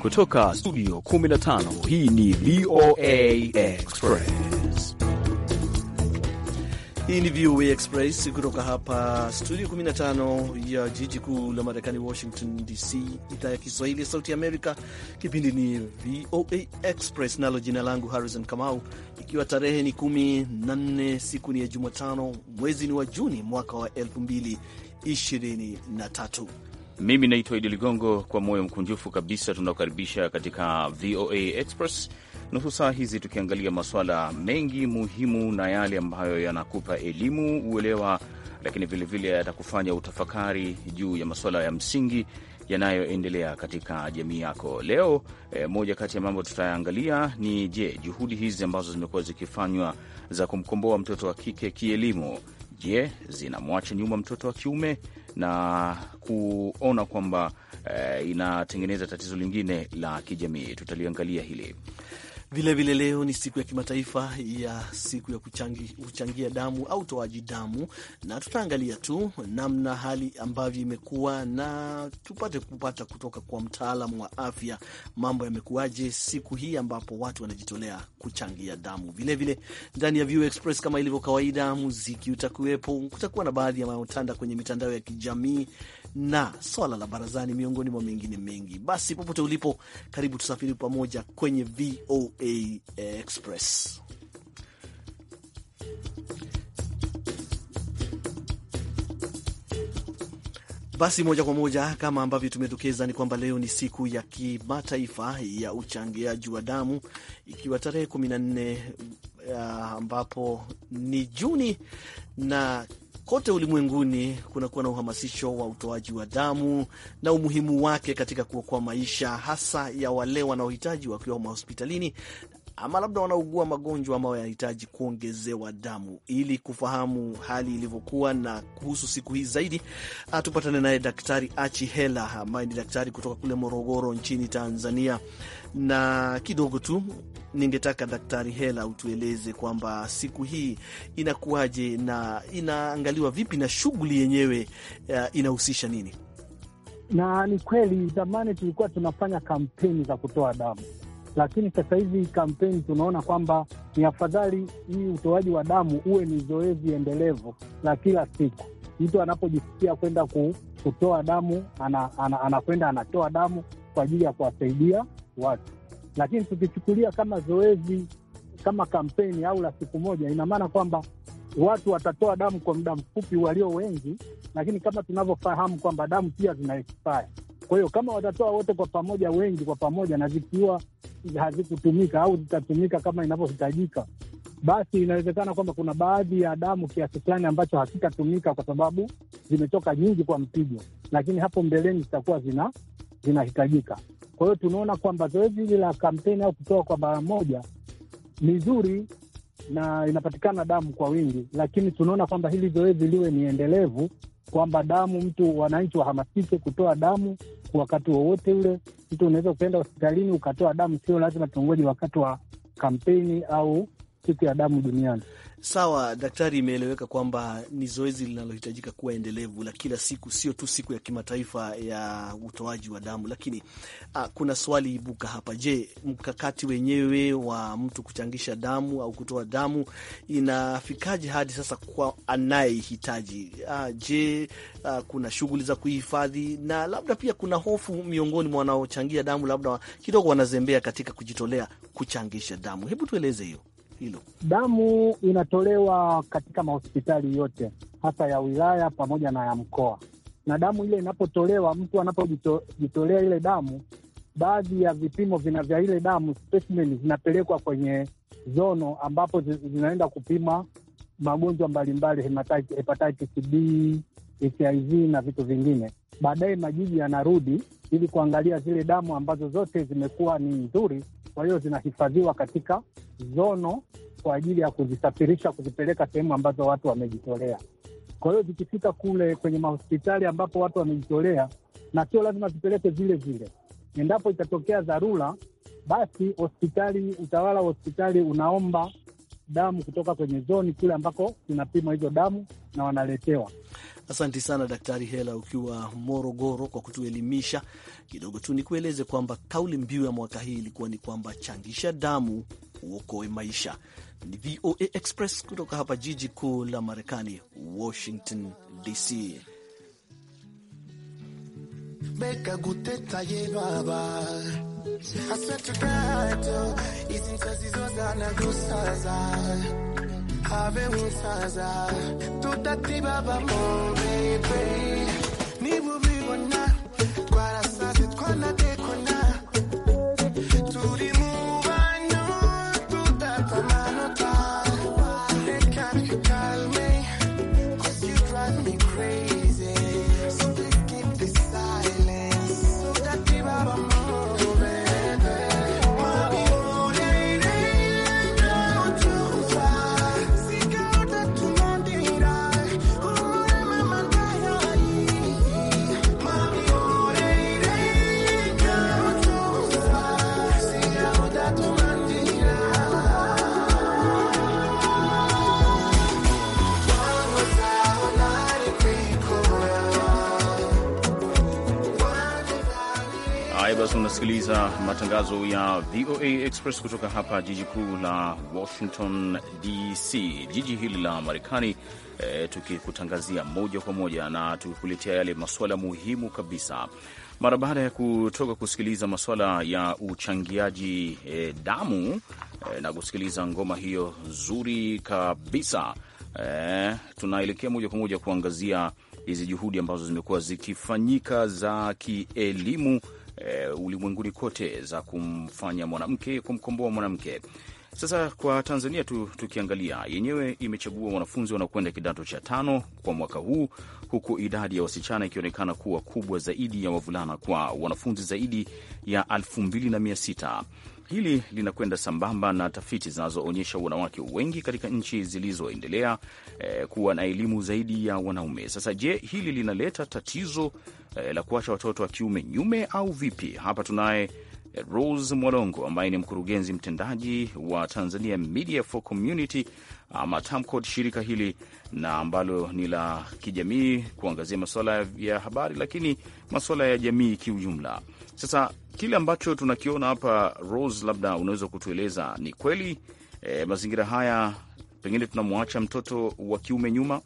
Kutoka studio 15 hii ni VOA Express. Hii ni VOA Express kutoka hapa studio 15 ya jiji kuu la Marekani, Washington DC, idhaa ya Kiswahili ya Sauti Amerika. Kipindi ni VOA Express, nalo jina langu Harrison Kamau, ikiwa tarehe ni 14, siku ni ya Jumatano, mwezi ni wa Juni, mwaka wa 2023. Mimi naitwa Idi Ligongo, kwa moyo mkunjufu kabisa tunaokaribisha katika VOA Express nusu saa hizi, tukiangalia masuala mengi muhimu na yale ambayo yanakupa elimu, uelewa, lakini vilevile yatakufanya utafakari juu ya masuala ya msingi yanayoendelea katika jamii yako. Leo E, moja kati ya mambo tutayaangalia ni je, juhudi hizi ambazo zimekuwa zikifanywa za kumkomboa mtoto wa kike kielimu, je, zinamwacha nyuma mtoto wa kiume? na kuona kwamba eh, inatengeneza tatizo lingine la kijamii. Tutaliangalia hili. Vilevile vile leo ni siku ya kimataifa ya siku ya kuchangi, kuchangia damu au utoaji damu, na tutaangalia tu namna hali ambavyo imekuwa na tupate kupata kutoka kwa mtaalamu wa afya mambo yamekuwaje siku hii ambapo watu wanajitolea kuchangia damu. Vilevile ndani ya View Express kama ilivyo kawaida, muziki utakuwepo, kutakuwa na baadhi ya yanayotanda kwenye mitandao ya kijamii na swala la barazani, miongoni mwa mengine mengi. Basi popote ulipo, karibu tusafiri pamoja kwenye VOA Express. Basi moja kwa moja kama ambavyo tumedokeza ni kwamba leo ni siku ya kimataifa ya uchangiaji wa damu, ikiwa tarehe 14 uh, ambapo ni Juni na Kote ulimwenguni kunakuwa na uhamasisho wa utoaji wa damu na umuhimu wake katika kuokoa maisha hasa ya wale wanaohitaji wakiwa mahospitalini ama labda wanaugua magonjwa ambayo yanahitaji kuongezewa damu. Ili kufahamu hali ilivyokuwa na kuhusu siku hii zaidi, ah, tupatane naye Daktari Achi Hela ambaye ni daktari kutoka kule Morogoro nchini Tanzania. Na kidogo tu ningetaka Daktari Hela utueleze kwamba siku hii inakuwaje na inaangaliwa vipi na shughuli yenyewe ah, inahusisha nini? Na ni kweli zamani tulikuwa tunafanya kampeni za kutoa damu lakini sasa hivi kampeni tunaona kwamba ni afadhali hii utoaji wa damu uwe ni zoezi endelevu la kila siku. Mtu anapojisikia kwenda kutoa damu anakwenda ana, ana, anatoa damu kwa ajili ya kuwasaidia watu, lakini tukichukulia kama zoezi kama kampeni au la siku moja, ina maana kwamba watu watatoa damu kwa muda mfupi walio wengi, lakini kama tunavyofahamu kwamba damu pia zina expire. Kwa hiyo kama watatoa wote kwa pamoja, wengi kwa pamoja, na zikiwa hazikutumika au zitatumika kama inavyohitajika, basi inawezekana kwamba kuna baadhi ya damu kiasi fulani ambacho hakitatumika kwa sababu zimetoka nyingi kwa mpigo, lakini hapo mbeleni zitakuwa zina zinahitajika. Kwa hiyo tunaona kwamba zoezi hili la kampeni au kutoa kwa bara moja ni zuri na inapatikana damu kwa wingi, lakini tunaona kwamba hili zoezi liwe ni endelevu, kwamba damu mtu, wananchi wahamasike kutoa damu wakati wowote ule. Mtu unaweza kuenda hospitalini ukatoa damu, sio lazima tungoje wakati wa kampeni au siku ya damu duniani. Sawa daktari, imeeleweka kwamba ni zoezi linalohitajika kuwa endelevu la kila siku, sio tu siku ya kimataifa ya utoaji wa damu. Lakini a, ah, kuna swali ibuka hapa. Je, mkakati wenyewe wa mtu kuchangisha damu au kutoa damu inafikaje hadi sasa kwa anayehitaji? Ah, je, a, ah, kuna shughuli za kuhifadhi? Na labda pia kuna hofu miongoni mwa wanaochangia damu, labda kidogo wanazembea katika kujitolea kuchangisha damu. Hebu tueleze hiyo hilo? Damu inatolewa katika mahospitali yote hasa ya wilaya pamoja na ya mkoa, na damu ile inapotolewa, mtu anapojitolea ile damu, baadhi ya vipimo vina vya ile damu specimen zinapelekwa kwenye zono ambapo zinaenda kupima magonjwa mbalimbali, hepatitis B, HIV na vitu vingine. Baadaye majiji yanarudi ili kuangalia zile damu ambazo zote zimekuwa ni nzuri kwa hiyo zinahifadhiwa katika zono kwa ajili ya kuzisafirisha kuzipeleka sehemu ambazo watu wamejitolea. Kwa hiyo zikifika kule kwenye mahospitali ambapo watu wamejitolea, na sio lazima zipeleke zile zile. Endapo itatokea dharura, basi hospitali, utawala wa hospitali unaomba damu kutoka kwenye zoni kule ambako zinapimwa hizo damu na wanaletewa. Asanti sana Daktari Hela ukiwa Morogoro kwa kutuelimisha kidogo tu. Nikueleze kwamba kauli mbiu ya mwaka hii ilikuwa ni kwamba changisha damu uokoe maisha. Ni VOA Express kutoka hapa jiji kuu la Marekani, Washington DC. haveunsaza tutatiba pamoja baby nibubiwona twarasaze twana matangazo ya VOA Express kutoka hapa jiji kuu la Washington DC, jiji hili la Marekani e, tukikutangazia moja kwa moja na tukikuletea yale masuala muhimu kabisa mara baada ya kutoka kusikiliza masuala ya uchangiaji e, damu e, na kusikiliza ngoma hiyo nzuri kabisa e, tunaelekea moja kwa moja kuangazia hizi juhudi ambazo zimekuwa zikifanyika za kielimu eh, ulimwenguni kote za kumfanya mwanamke, kumkomboa mwanamke. Sasa kwa Tanzania tu tukiangalia, yenyewe imechagua wanafunzi wanaokwenda kidato cha tano kwa mwaka huu, huku idadi ya wasichana ikionekana kuwa kubwa zaidi ya wavulana kwa wanafunzi zaidi ya elfu mbili na mia sita Hili linakwenda sambamba na tafiti zinazoonyesha wanawake wengi katika nchi zilizoendelea eh, kuwa na elimu zaidi ya wanaume. Sasa je, hili linaleta tatizo eh, la kuacha watoto wa kiume nyume au vipi? Hapa tunaye eh, Rose Mwalongo ambaye ni mkurugenzi mtendaji wa Tanzania Media for Community ama Tamcod, shirika hili na ambalo ni la kijamii kuangazia masuala ya habari, lakini masuala ya jamii kiujumla. Sasa kile ambacho tunakiona hapa, Rose, labda unaweza kutueleza, ni kweli e, mazingira haya pengine tunamwacha mtoto wa kiume nyuma?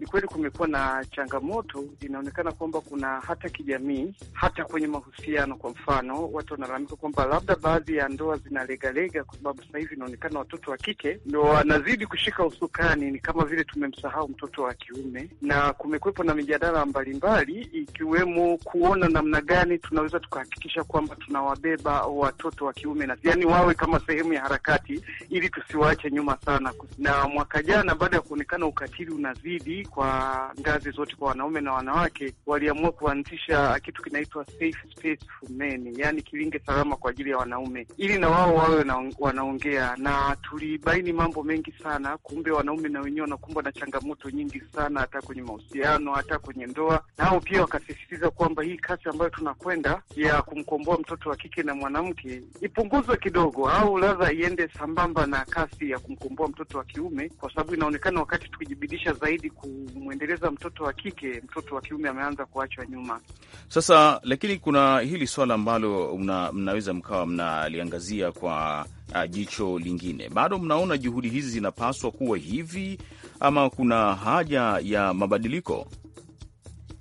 ni kweli kumekuwa na changamoto. Inaonekana kwamba kuna hata kijamii, hata kwenye mahusiano. Kwa mfano, watu wanalalamika kwamba labda baadhi ya ndoa zinalegalega, kwa sababu sasa hivi inaonekana watoto wa kike ndo wanazidi kushika usukani, ni kama vile tumemsahau mtoto wa kiume, na kumekwepo na mijadala mbalimbali, ikiwemo kuona namna gani tunaweza tukahakikisha kwamba tunawabeba watoto wa kiume na yani wawe kama sehemu ya harakati, ili tusiwaache nyuma sana. Na mwaka jana, baada ya kuonekana ukatili unazidi kwa ngazi zote, kwa wanaume na wanawake, waliamua kuanzisha kitu kinaitwa Safe Space for Men, kilinge salama kwa ajili ya wanaume, ili na wao wawe na, wanaongea na tulibaini mambo mengi sana. Kumbe wanaume na wenyewe wanakumbwa na changamoto nyingi sana, hata kwenye mahusiano, hata kwenye ndoa. Nao pia wakasisitiza kwamba hii kasi ambayo tunakwenda ya kumkomboa mtoto wa kike na mwanamke ipunguzwe kidogo, au ladha iende sambamba na kasi ya kumkomboa mtoto wa kiume, kwa sababu inaonekana wakati tukijibidisha zaidi ku kumwendeleza mtoto wa kike, mtoto wa kiume ameanza kuachwa nyuma sasa. Lakini kuna hili swala ambalo mnaweza mkawa mnaliangazia kwa uh, jicho lingine. Bado mnaona juhudi hizi zinapaswa kuwa hivi ama kuna haja ya mabadiliko?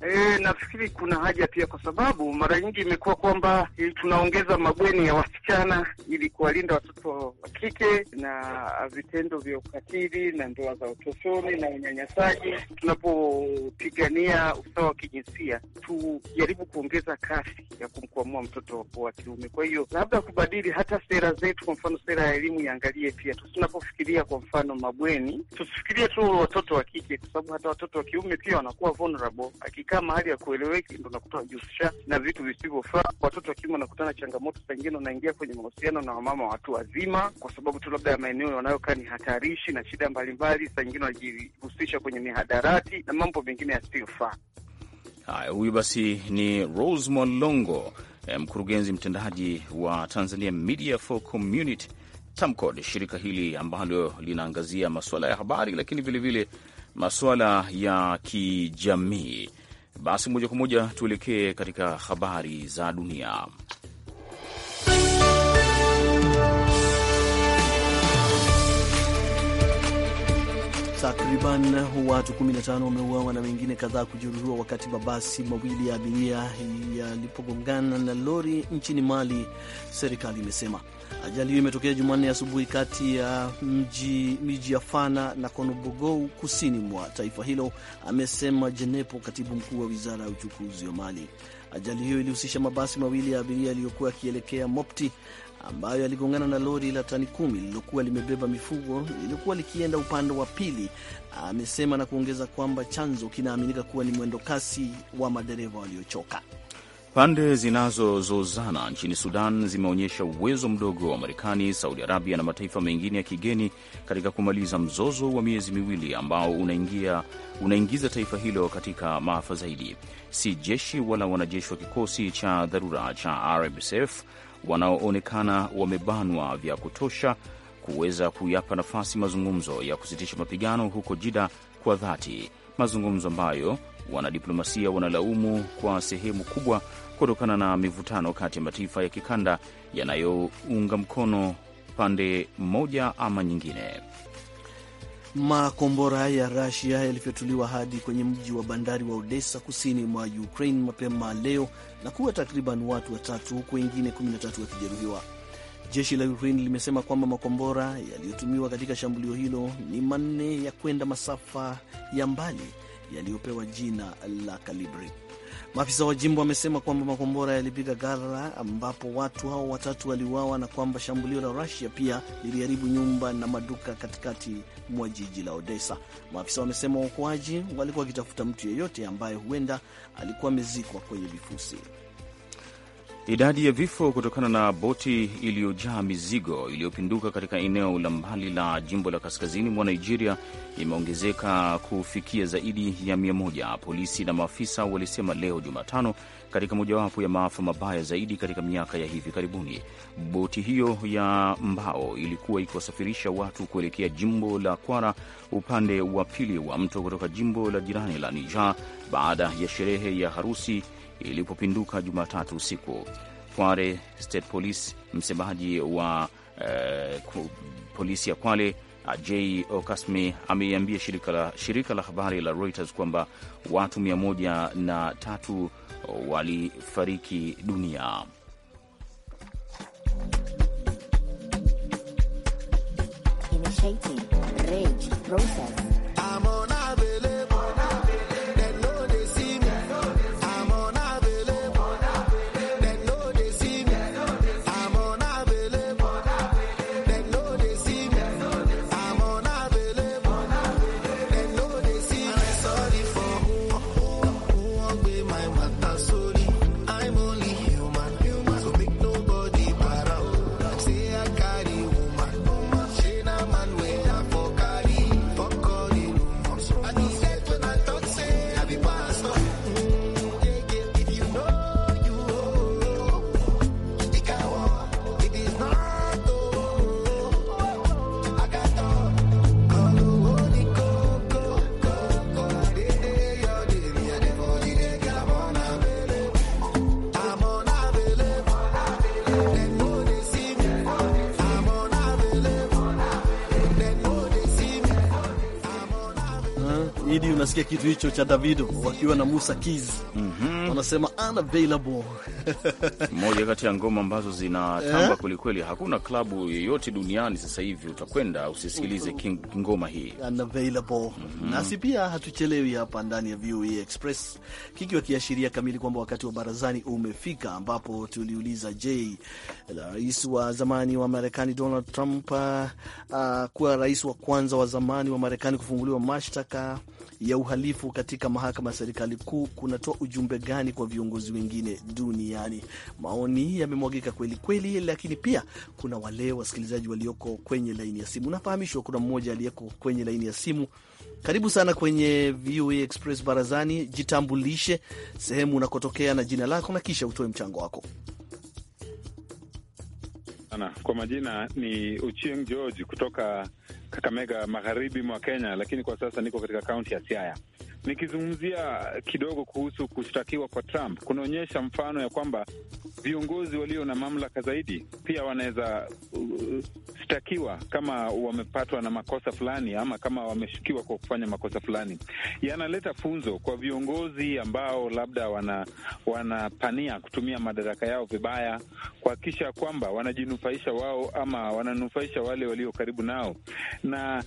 E, nafikiri kuna haja pia, kwa sababu mara nyingi imekuwa kwamba e, tunaongeza mabweni ya wasichana ili kuwalinda watoto wa kike na vitendo vya ukatili na ndoa za utotoni na unyanyasaji. Tunapopigania usawa wa kijinsia, tujaribu kuongeza kasi ya kumkwamua mtoto wa kiume. Kwa hiyo labda kubadili hata sera zetu, kwa mfano sera ya elimu iangalie pia, tunapofikiria kwa mfano mabweni, tusifikirie tu watoto wa kike, kwa sababu hata watoto wa kiume pia wanakuwa vulnerable katika mahali ya kueleweki, ndo nakuta wajihusisha na vitu visivyofaa. Watoto wakiwa wanakutana na changamoto, saa ingine wanaingia kwenye mahusiano na wamama watu wazima, kwa sababu tu labda ya maeneo wanayokaa ni hatarishi na shida mbalimbali, saa ingine wanajihusisha kwenye mihadarati na mambo mengine yasiyofaa. Haya, huyu basi ni Rose Mwalongo, eh, mkurugenzi mtendaji wa Tanzania Media for Community TAMCOD, shirika hili ambalo linaangazia masuala ya habari, lakini vilevile masuala ya kijamii. Basi moja kwa moja tuelekee katika habari za dunia. Takriban watu 15 wameuawa na wengine kadhaa kujeruhiwa wakati mabasi mawili ya abiria yalipogongana na lori nchini Mali, serikali imesema. Ajali hiyo imetokea Jumanne asubuhi kati ya mji, miji ya Fana na Konobogou kusini mwa taifa hilo, amesema Jenepo, katibu mkuu wa wizara ya uchukuzi wa Mali. Ajali hiyo ilihusisha mabasi mawili ya abiria yaliyokuwa yakielekea Mopti ambayo yaligongana na lori la tani kumi lililokuwa limebeba mifugo lilikuwa likienda upande wa pili, amesema na kuongeza kwamba chanzo kinaaminika kuwa ni mwendokasi wa madereva waliochoka. Pande zinazozozana nchini Sudan zimeonyesha uwezo mdogo wa Marekani, Saudi Arabia na mataifa mengine ya kigeni katika kumaliza mzozo wa miezi miwili ambao unaingia, unaingiza taifa hilo katika maafa zaidi. Si jeshi wala wanajeshi wa kikosi cha dharura cha RSF wanaoonekana wamebanwa vya kutosha kuweza kuyapa nafasi mazungumzo ya kusitisha mapigano huko Jida kwa dhati, mazungumzo ambayo wanadiplomasia wanalaumu kwa sehemu kubwa kutokana na mivutano kati ya mataifa ya kikanda yanayounga mkono pande moja ama nyingine. Makombora ya Rasia yalifyatuliwa hadi kwenye mji wa bandari wa Odessa kusini mwa Ukraine mapema leo na kuwa takriban watu watatu huku wengine 13 wakijeruhiwa. Jeshi la Ukraine limesema kwamba makombora yaliyotumiwa katika shambulio hilo ni manne ya kwenda masafa ya mbali yaliyopewa jina la Kalibri. Maafisa wa jimbo wamesema kwamba makombora yalipiga Gara ambapo watu hao watatu waliuawa na kwamba shambulio la Rusia pia liliharibu nyumba na maduka katikati mwa jiji la Odessa. Maafisa wamesema waokoaji walikuwa wakitafuta mtu yeyote ambaye huenda alikuwa amezikwa kwenye vifusi. Idadi ya vifo kutokana na boti iliyojaa mizigo iliyopinduka katika eneo la mbali la jimbo la kaskazini mwa Nigeria imeongezeka kufikia zaidi ya mia moja, polisi na maafisa walisema leo Jumatano, katika mojawapo ya maafa mabaya zaidi katika miaka ya hivi karibuni. Boti hiyo ya mbao ilikuwa ikiwasafirisha watu kuelekea jimbo la Kwara, upande wa pili wa mto kutoka jimbo la jirani la Niger, baada ya sherehe ya harusi ilipopinduka Jumatatu usiku. Kware State Police, msemaji wa eh, polisi ya Kwale ah, J Okasmi ameiambia shirika la, shirika la habari la Reuters kwamba watu 13 walifariki dunia. Initiating rage process. Umesikia kitu hicho cha Davido wakiwa na Musa Keys mm -hmm. unavailable moja kati ya ngoma ambazo zinatamba yeah. Kwelikweli, hakuna klabu yoyote duniani sasa hivi utakwenda usisikilize ngoma hii unavailable mm -hmm. Nasi pia hatuchelewi hapa ndani ya VOA e Express, kikiwa kiashiria kamili kwamba wakati wa barazani umefika, ambapo tuliuliza je, rais wa zamani wa Marekani Donald Trump uh, kuwa rais wa kwanza wa zamani wa Marekani kufunguliwa mashtaka ya uhalifu katika mahakama ya serikali kuu kunatoa ujumbe gani kwa viongozi wengine duniani? Maoni yamemwagika kweli kweli, lakini pia kuna wale wasikilizaji walioko kwenye laini ya simu. Nafahamishwa kuna mmoja aliyeko kwenye laini ya simu. Karibu sana kwenye VOA Express Barazani. Jitambulishe, sehemu unakotokea na jina lako, na kisha utoe mchango wako sana. Kwa majina ni Uchieng George kutoka Kakamega, magharibi mwa Kenya, lakini kwa sasa niko katika kaunti ya Siaya nikizungumzia kidogo kuhusu kushtakiwa kwa Trump kunaonyesha mfano ya kwamba viongozi walio na mamlaka zaidi pia wanaweza uh, shtakiwa kama wamepatwa na makosa fulani ama kama wameshukiwa kwa kufanya makosa fulani. Yanaleta funzo kwa viongozi ambao labda wana wanapania kutumia madaraka yao vibaya, kuhakikisha kwamba wanajinufaisha wao ama wananufaisha wale walio karibu nao na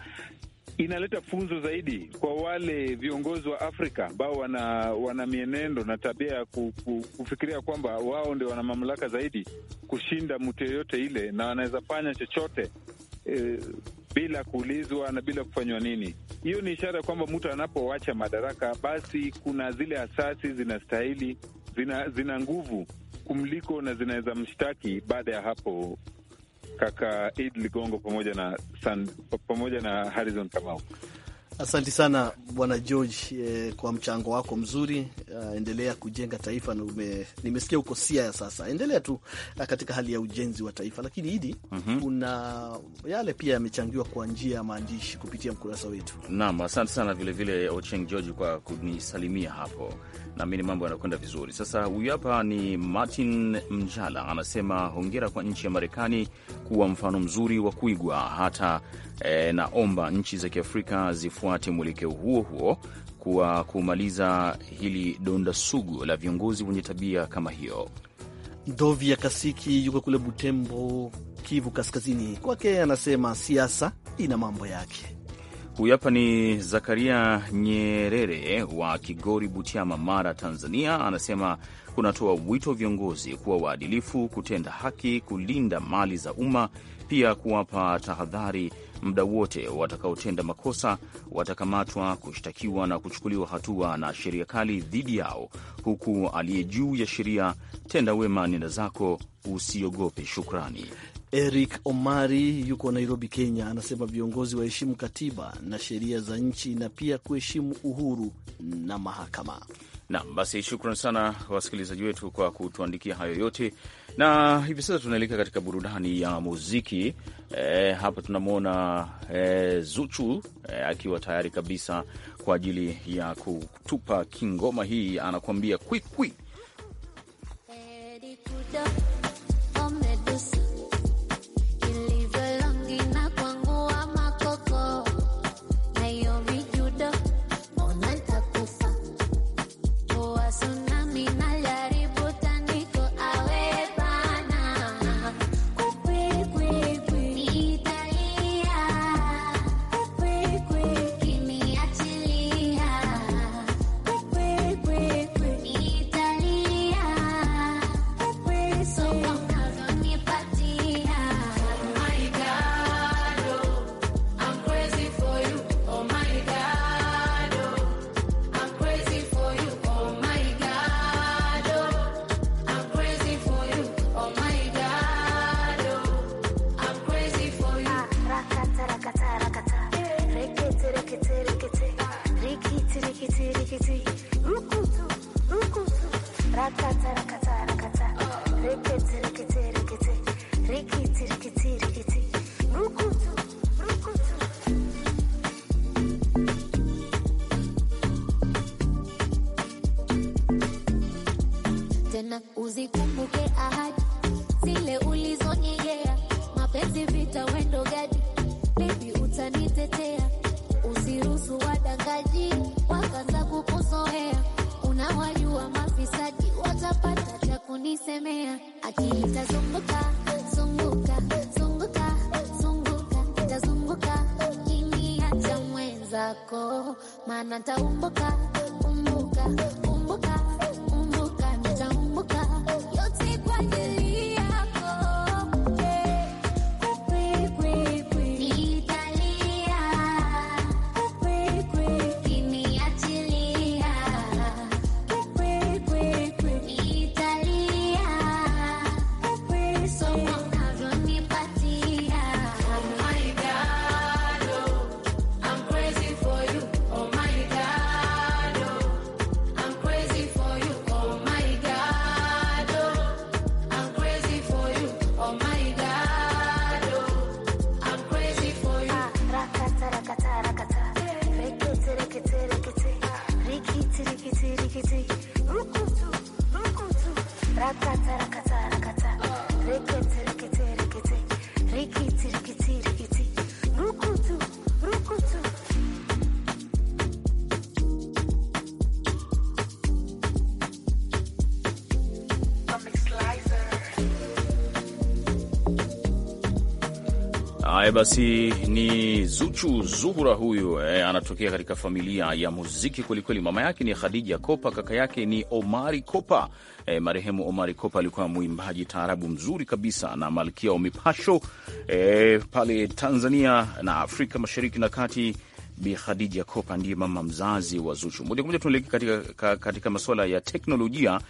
inaleta funzo zaidi kwa wale viongozi wa Afrika ambao wana, wana mienendo na tabia ya kufikiria kwamba wao ndio wana mamlaka zaidi kushinda mtu yoyote ile, na wanaweza fanya chochote e, bila kuulizwa na bila kufanywa nini. Hiyo ni ishara ya kwamba mtu anapowacha madaraka, basi kuna zile asasi zinastahili, zina, zina nguvu kumliko na zinaweza mshtaki baada ya hapo kaka Id Ligongo pamoja na San, pamoja na Harrison Kamau. Asante sana Bwana George eh, kwa mchango wako mzuri. Uh, endelea kujenga taifa na ume, nimesikia uko Siaya sasa, endelea tu uh, katika hali ya ujenzi wa taifa. Lakini hidi mm -hmm. kuna yale pia yamechangiwa kwa njia ya maandishi kupitia mkurasa wetu. Naam, asante sana vilevile Ocheng George kwa kunisalimia hapo, naamini mambo yanakwenda vizuri. Sasa huyu hapa ni Martin Mjala anasema hongera kwa nchi ya Marekani kuwa mfano mzuri wa kuigwa hata e, naomba nchi za Kiafrika zifuate mwelekeo huo huo kwa kumaliza hili donda sugu la viongozi wenye tabia kama hiyo. Ndovi ya Kasiki yuko kule Butembo, Kivu Kaskazini. Kwake anasema siasa ina mambo yake. Huyu hapa ni Zakaria Nyerere wa Kigori, Butiama, Mara, Tanzania. Anasema kunatoa wito viongozi kuwa waadilifu, kutenda haki, kulinda mali za umma pia kuwapa tahadhari muda wote watakaotenda makosa watakamatwa, kushtakiwa na kuchukuliwa hatua na sheria kali dhidi yao, huku aliye juu ya sheria, tenda wema nenda zako, usiogope. Shukrani. Eric Omari yuko Nairobi, Kenya, anasema viongozi waheshimu katiba na sheria za nchi na pia kuheshimu uhuru na mahakama. Nam, basi shukran sana wasikilizaji wetu kwa kutuandikia hayo yote, na hivi sasa tunaelekea katika burudani ya muziki. E, hapa tunamwona e, Zuchu e, akiwa tayari kabisa kwa ajili ya kutupa kingoma hii, anakuambia kwikwi tena, uzikumbuke ahadi zile ulizonyegea, mapenzi vita wendo gadi, baby utanitetea, usiruhusu wadangaji wakaanza kukuzoea, unawajua mafisadi watapata cha kunisemea, akili itazunguka zunguka zunguka zunguka itazunguka ini, cha mwenzako, maana taumbuka umbuka basi, ni Zuchu Zuhura huyu eh, anatokea katika familia ya muziki kwelikweli. Mama yake ni Khadija Kopa, kaka yake ni Omari Kopa. Eh, marehemu Omari Kopa alikuwa mwimbaji taarabu mzuri kabisa na malkia wa mipasho eh, pale Tanzania na Afrika Mashariki na Kati Bi Khadija Kopa ndiye mama mzazi wa Zuchu. Moja kwa moja tunaelekea katika, katika masuala ya teknolojia.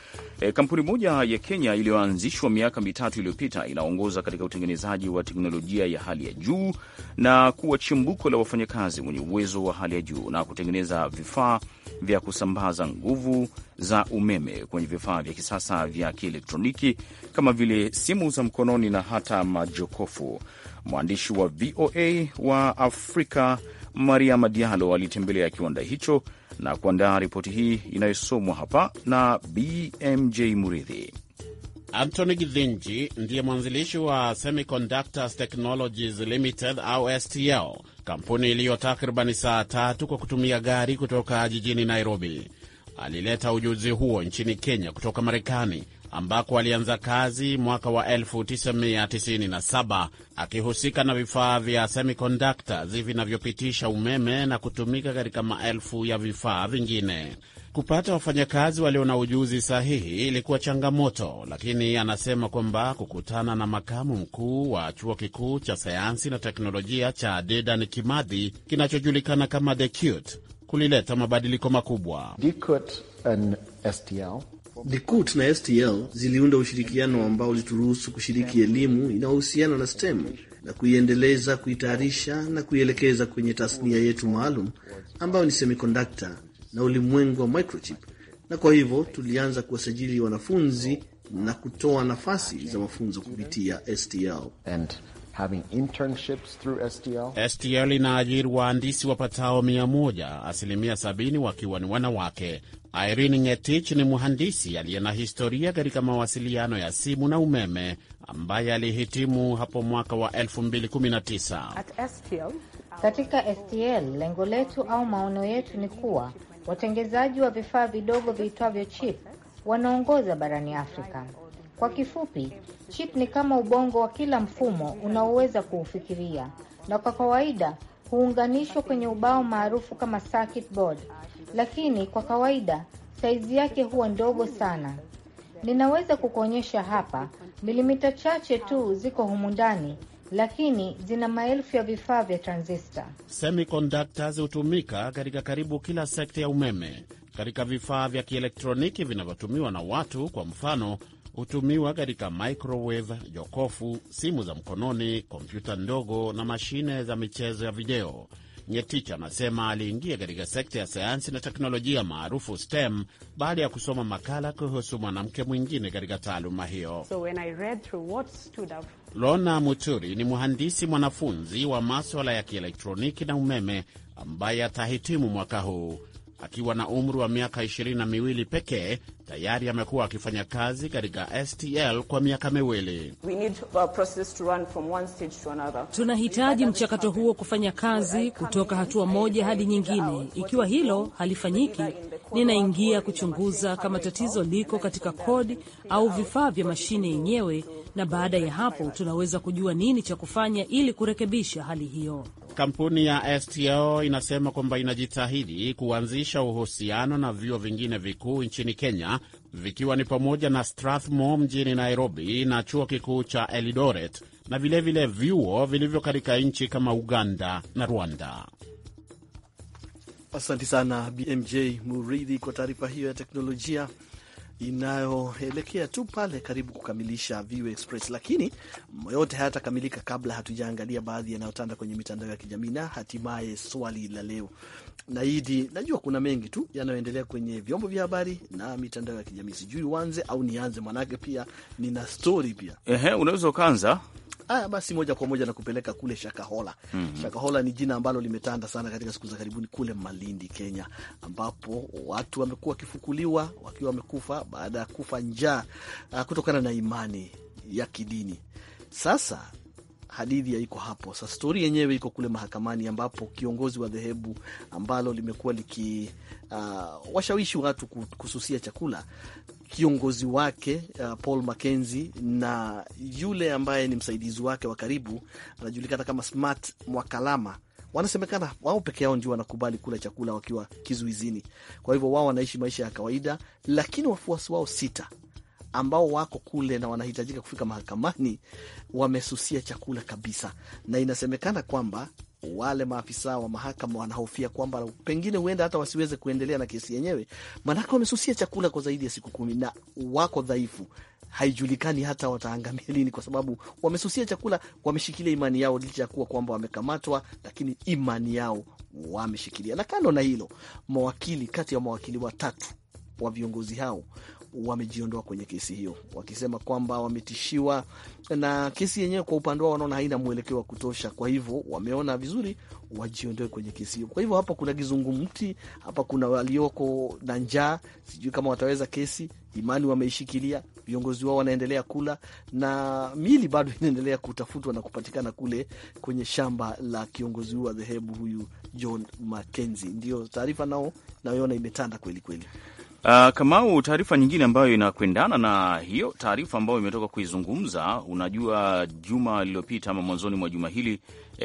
E, kampuni moja ya Kenya iliyoanzishwa miaka mitatu iliyopita inaongoza katika utengenezaji wa teknolojia ya hali ya juu na kuwa chimbuko la wafanyakazi wenye uwezo wa hali ya juu na kutengeneza vifaa vya kusambaza nguvu za umeme kwenye vifaa vya kisasa vya kielektroniki kama vile simu za mkononi na hata majokofu. Mwandishi wa VOA wa Afrika Mariama Diallo alitembelea kiwanda hicho na kuandaa ripoti hii inayosomwa hapa na BMJ Muridhi. Anthony Githinji ndiye mwanzilishi wa Semiconductors Technologies Limited au STL, kampuni iliyo takribani saa tatu kwa kutumia gari kutoka jijini Nairobi. Alileta ujuzi huo nchini Kenya kutoka Marekani ambako alianza kazi mwaka wa 1997 akihusika na vifaa vya semiconductors vinavyopitisha umeme na kutumika katika maelfu ya vifaa vingine. Kupata wafanyakazi walio na ujuzi sahihi ilikuwa changamoto, lakini anasema kwamba kukutana na makamu mkuu wa chuo kikuu cha sayansi na teknolojia cha Dedan Kimathi kinachojulikana kama Cute kulileta mabadiliko makubwa. DICUT na STL ziliunda ushirikiano ambao ulituruhusu kushiriki elimu inayohusiana na STEM na kuiendeleza, kuitayarisha na kuielekeza kwenye tasnia yetu maalum ambayo ni semiconductor na ulimwengu wa microchip, na kwa hivyo tulianza kuwasajili wanafunzi na kutoa nafasi za mafunzo kupitia STL And having internships through STL. STL inaajiri waandisi wapatao mia moja, asilimia sabini wakiwa ni wanawake Irene Ngetich ni mhandisi aliye na historia katika mawasiliano ya simu na umeme ambaye alihitimu hapo mwaka wa 2019. Katika STL lengo letu au maono yetu ni kuwa watengezaji wa vifaa vidogo viitwavyo chip wanaongoza barani Afrika. Kwa kifupi, chip ni kama ubongo wa kila mfumo unaoweza kuufikiria, na kwa kawaida huunganishwa kwenye ubao maarufu kama circuit board lakini kwa kawaida saizi yake huwa ndogo sana. Ninaweza kukuonyesha hapa, milimita chache tu ziko humu ndani, lakini zina maelfu ya vifaa vya transistor. Semiconductors hutumika katika karibu kila sekta ya umeme. Katika vifaa vya kielektroniki vinavyotumiwa na watu, kwa mfano, hutumiwa katika microwave, jokofu, simu za mkononi, kompyuta ndogo na mashine za michezo ya video. Nyetich anasema aliingia katika sekta ya sayansi na teknolojia maarufu STEM baada ya kusoma makala kuhusu mwanamke mwingine katika taaluma hiyo. So Lona Muturi ni mhandisi mwanafunzi wa maswala ya kielektroniki na umeme ambaye atahitimu mwaka huu akiwa na umri wa miaka ishirini na miwili pekee, tayari amekuwa akifanya kazi katika STL kwa miaka miwili. Tunahitaji mchakato huo kufanya kazi kutoka hatua moja hadi nyingine. Ikiwa hilo halifanyiki, ninaingia kuchunguza kama tatizo liko katika kodi au vifaa vya mashine yenyewe na baada ya hapo tunaweza kujua nini cha kufanya ili kurekebisha hali hiyo. Kampuni ya STO inasema kwamba inajitahidi kuanzisha uhusiano na vyuo vingine vikuu nchini Kenya, vikiwa ni pamoja na Strathmore mjini Nairobi na chuo kikuu cha Eldoret na vilevile vyuo vilivyo katika nchi kama Uganda na Rwanda. Asante sana BMJ Muridhi kwa taarifa hiyo ya teknolojia inayoelekea tu pale karibu kukamilisha VOA Express, lakini yote hayatakamilika kabla hatujaangalia baadhi yanayotanda kwenye mitandao ya kijamii na hatimaye swali la leo. Naidi, najua kuna mengi tu yanayoendelea kwenye vyombo vya habari na mitandao ya kijamii, sijui uanze au nianze, manake pia nina stori pia. Ehe, unaweza ukaanza. Haya basi, moja kwa moja nakupeleka kule Shakahola. mm -hmm. Shakahola ni jina ambalo limetanda sana katika siku za karibuni kule Malindi, Kenya, ambapo watu wamekuwa wakifukuliwa wakiwa wamekufa baada ya kufa njaa ah, kutokana na imani ya kidini. Sasa hadithi haiko hapo. Sa stori yenyewe iko kule mahakamani, ambapo kiongozi wa dhehebu ambalo limekuwa liki uh, washawishi watu kususia chakula kiongozi wake uh, Paul Mackenzie na yule ambaye ni msaidizi wake wa karibu anajulikana kama Smart Mwakalama wanasemekana wao peke yao ndio wanakubali kula chakula wakiwa kizuizini. Kwa hivyo wao wanaishi maisha ya kawaida, lakini wafuasi wao sita ambao wako kule na wanahitajika kufika mahakamani wamesusia chakula kabisa, na inasemekana kwamba wale maafisa wa mahakama wanahofia kwamba pengine huenda hata wasiweze kuendelea na kesi yenyewe, maanake wamesusia chakula kwa zaidi ya siku kumi na wako dhaifu. Haijulikani hata wataangamia lini, kwa sababu wamesusia chakula, wameshikilia imani yao licha ya kuwa kwamba wamekamatwa, lakini imani yao wameshikilia. Na kando na hilo, mawakili kati ya mawakili watatu wa viongozi hao wamejiondoa kwenye kesi hiyo, wakisema kwamba wametishiwa na kesi yenyewe. Kwa upande wao wanaona haina mwelekeo wa kutosha, kwa hivyo wameona vizuri wajiondoe kwenye kesi hiyo. Kwa hivyo hapa kuna kizungumti, hapa kuna walioko na njaa, sijui kama wataweza kesi. Imani wameishikilia, viongozi wao wanaendelea kula na mili bado inaendelea kutafutwa na kupatikana kule kwenye shamba la kiongozi huu wa dhehebu huyu John Mackenzie. Ndio taarifa nao nayoona imetanda kweli kweli. Uh, Kamau, taarifa nyingine ambayo inakwendana na hiyo taarifa ambayo imetoka kuizungumza, unajua juma lililopita ama mwanzoni mwa juma hili e,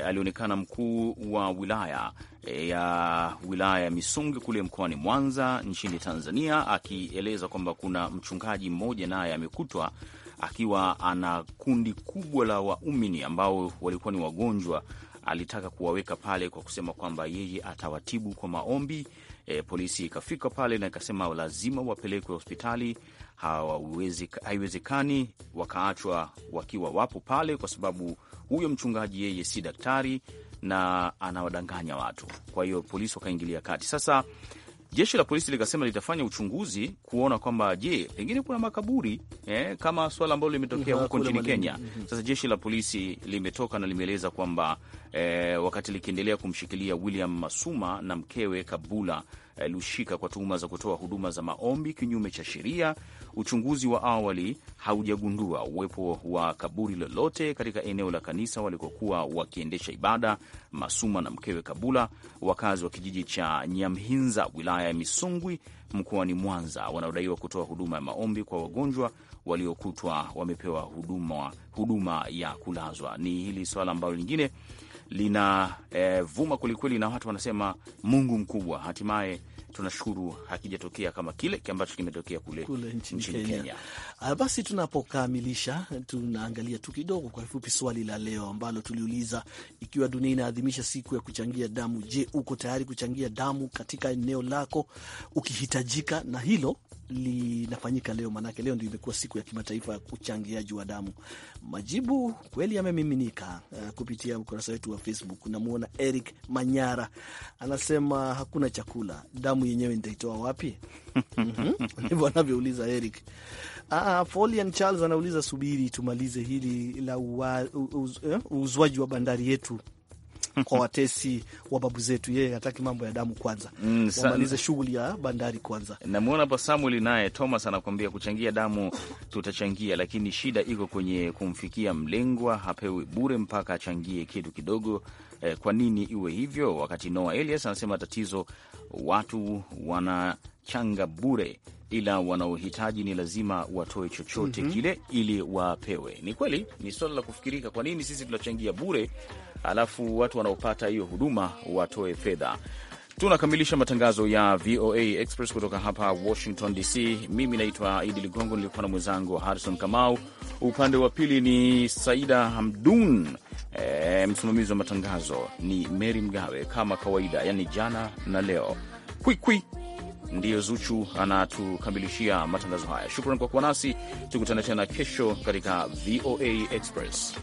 alionekana mkuu wa wilaya e, ya wilaya ya Misungi kule mkoani Mwanza nchini Tanzania akieleza kwamba kuna mchungaji mmoja naye amekutwa akiwa ana kundi kubwa la waumini ambao walikuwa ni wagonjwa. Alitaka kuwaweka pale kwa kusema kwamba yeye atawatibu kwa maombi e, polisi ikafika pale na ikasema lazima wapelekwe hospitali. Haiwezekani wakaachwa wakiwa wapo pale, kwa sababu huyo mchungaji yeye si daktari na anawadanganya watu. Kwa hiyo polisi wakaingilia kati sasa Jeshi la polisi likasema litafanya uchunguzi kuona kwamba je, pengine kuna makaburi eh, kama swala ambalo limetokea huko nchini Kenya. Mhm. Sasa jeshi la polisi limetoka na limeeleza kwamba eh, wakati likiendelea kumshikilia William Masuma na mkewe Kabula Lushika kwa tuhuma za kutoa huduma za maombi kinyume cha sheria. Uchunguzi wa awali haujagundua uwepo wa kaburi lolote katika eneo la kanisa walikokuwa wakiendesha ibada Masuma na mkewe Kabula. Wakazi wa kijiji cha Nyamhinza, wilaya ya Misungwi, mkoani Mwanza, wanaodaiwa kutoa huduma ya maombi kwa wagonjwa waliokutwa wamepewa huduma, huduma ya kulazwa. Ni hili swala ambalo lingine linavuma eh, kwelikweli, na watu wanasema Mungu mkubwa. Hatimaye tunashukuru hakijatokea kama kile ambacho kimetokea kule, kule nchini, nchini Kenya, Kenya. Ah, basi tunapokamilisha tunaangalia tu kidogo kwa kifupi swali la leo ambalo tuliuliza, ikiwa dunia inaadhimisha siku ya kuchangia damu, je, uko tayari kuchangia damu katika eneo lako ukihitajika? Na hilo linafanyika leo, maanake leo ndio imekuwa siku ya kimataifa ya uchangiaji wa damu. Majibu kweli yamemiminika uh, kupitia ukurasa wetu wa Facebook. Namwona Eric Manyara anasema hakuna chakula damu yenyewe nitaitoa wapi? Ndivyo mhm. anavyouliza Eric. Ah, ah Folian Charles anauliza, subiri tumalize hili la eh, uuzwaji wa bandari yetu kwa watesi wa babu zetu. Yeye hataki mambo ya damu kwanza, mm, wamalize shughuli ya bandari kwanza. Namwona hapa Samuel naye Thomas anakuambia kuchangia damu tutachangia, lakini shida iko kwenye kumfikia mlengwa. Hapewi bure mpaka achangie kitu kidogo eh, kwa nini iwe hivyo, wakati Noah Elias anasema tatizo watu wanachanga bure ila wanaohitaji ni lazima watoe chochote mm -hmm. kile ili wapewe. Ni kweli, ni swala la kufikirika. Kwa nini sisi tunachangia bure alafu watu wanaopata hiyo huduma watoe fedha? Tunakamilisha matangazo ya VOA Express kutoka hapa Washington DC. Mimi naitwa Idi Ligongo, nilikuwa na mwenzangu Harrison Kamau, upande wa pili ni Saida Hamdun. E, msimamizi wa matangazo ni Mary Mgawe kama kawaida, yani jana na leo. Kwikwi ndiyo Zuchu anatukamilishia matangazo haya. Shukran kwa kuwa nasi, tukutane tena kesho katika VOA Express.